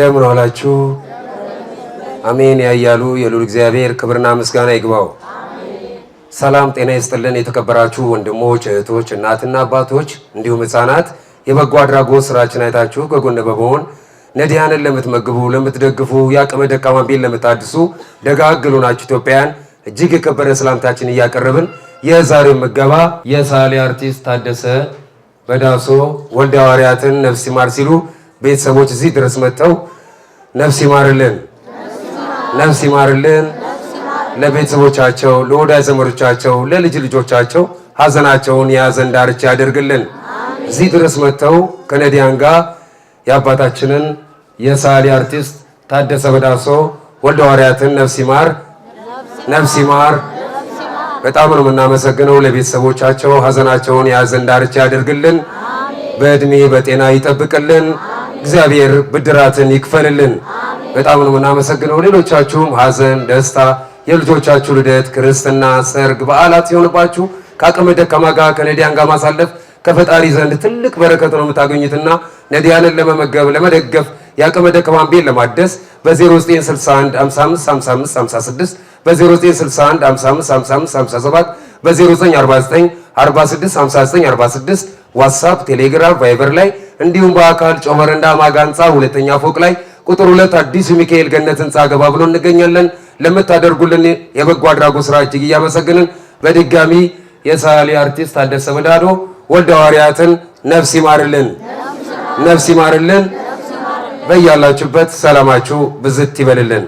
እንደምን ዋላችሁ። አሜን ያያሉ የሉል እግዚአብሔር ክብርና ምስጋና ይግባው። ሰላም ጤና ይስጥልን። የተከበራችሁ ወንድሞች፣ እህቶች፣ እናትና አባቶች እንዲሁም ህፃናት የበጎ አድራጎት ስራችን አይታችሁ ከጎን በመሆን ነዲያንን ለምትመግቡ፣ ለምትደግፉ፣ የአቅመ ደካማን ቤት ለምታድሱ ደጋግሉ ናችሁ ኢትዮጵያውያን እጅግ የከበረ ሰላምታችን እያቀረብን የዛሬው ምገባ የሳሌ አርቲስት ታደሰ በዳሶ ወልደ ሐዋርያትን ነፍስ ይማር ሲሉ ቤተሰቦች እዚህ ድረስ መጥተው ነፍስ ይማርልን፣ ነፍስ ይማርልን። ለቤተሰቦቻቸው፣ ለወዳጅ ዘመዶቻቸው፣ ለልጅ ልጆቻቸው ሀዘናቸውን የሀዘን ዳርቻ ያደርግልን። እዚህ ድረስ መጥተው ከነዲያን ጋር የአባታችንን የሳሊ አርቲስት ታደሰ በዳሶ ወልደ ሐዋርያትን ነፍስ ይማር፣ ነፍስ ይማር። በጣም ነው የምናመሰግነው። ለቤተሰቦቻቸው ሀዘናቸውን የሀዘን ዳርቻ ያደርግልን። በእድሜ በጤና ይጠብቅልን። እግዚአብሔር ብድራትን ይክፈልልን። በጣም ነው የምናመሰግነው። ሌሎቻችሁም ሀዘን፣ ደስታ፣ የልጆቻችሁ ልደት፣ ክርስትና፣ ሰርግ፣ በዓላት ሲሆንባችሁ ከአቅመ ደካማ ጋር ከነዲያን ጋር ማሳለፍ ከፈጣሪ ዘንድ ትልቅ በረከት ነው የምታገኙትና ነዲያንን ለመመገብ ለመደገፍ የአቅመ ደካማን ቤት ለማደስ በ 0961555556 በ 0961555557 በ0949 4659 ዋትሳፕ፣ ቴሌግራም፣ ቫይበር ላይ እንዲሁም በአካል ጮመረንዳ ማጋ ህንፃ ሁለተኛ ፎቅ ላይ ቁጥር ሁለት አዲሱ ሚካኤል ገነት ህንፃ ገባ ብሎ እንገኛለን። ለምታደርጉልን የበጎ አድራጎት ስራ እጅግ እያመሰግንን በድጋሚ የሰዓሊ አርቲስት አደሰ ወዳዶ ወልደ ሐዋርያትን ነፍስ ይማርልን፣ ነፍስ ይማርልን። በያላችሁበት ሰላማችሁ ብዝት ይበልልን።